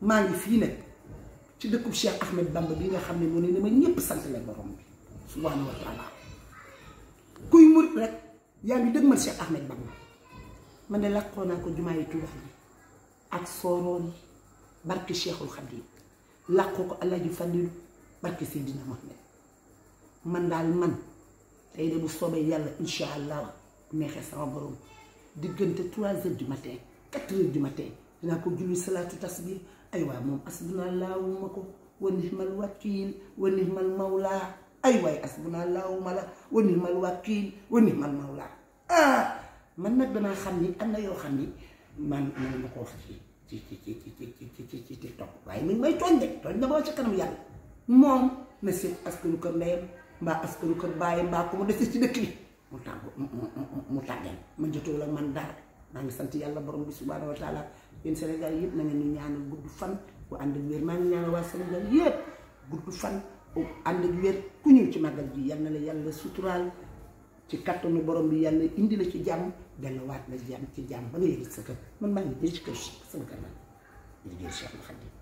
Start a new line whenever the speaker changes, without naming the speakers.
maa ngi fii la ci dëkku Cheikh Ahmed Bamba bi nga xam ne mu ne ni ma ñëpp sant la borom bi subhaanahu wa taala kuy murit rek yaa ngi dëgmal Cheikh Ahmed Bamba man de làqoo naa ko jumaa yi Tuubaa yi ak sooroon barke Cheikhul Khadim làqoo ko Alaaji Fadilu Mohamed man daal man tey de bu soobee yàlla incha allah neexee sama borom diggante 3 heures du matin 4 heures du matin dinaa ko julli salaatu tasbih ay waay moom asbuna laawuma ko wa nihmal wakiil wa nihmal mawlaa ay waay asbuna laawuma la wa nihmal wakiil wa nihmal mawlaa ah man nag danaa xam ni am na yoo xam ni man man ma ko ci ci ci ci ci ci ci TikTok waaye mi ngi may tooñ de tooñ na boo ci kanam yàlla moom na seet askanu kër ndeyam mbaa askanu kër baayam mbaa ko mu dese ci dëkk bi mu tàggu mu mu mu tàggal ma jotoo la man dara maa ngi sant yàlla borom bi subhaanahu wa yéen Sénégal yëpp na nga ñu ñaanal gudd fan bu ànd ak wér maa ngi ñaanal waa Sénégal yëpp gudd fan bu ànd ak wér ku ñu ci màggal ji yal na la yàlla suturaal ci kattanu borom bi yàlla indi la ci jàmm dana la jàmm ci jàmm ba nga yëg sa kër man maa ngi dee ci kër sama kër la jërëjëf Cheikh Khadim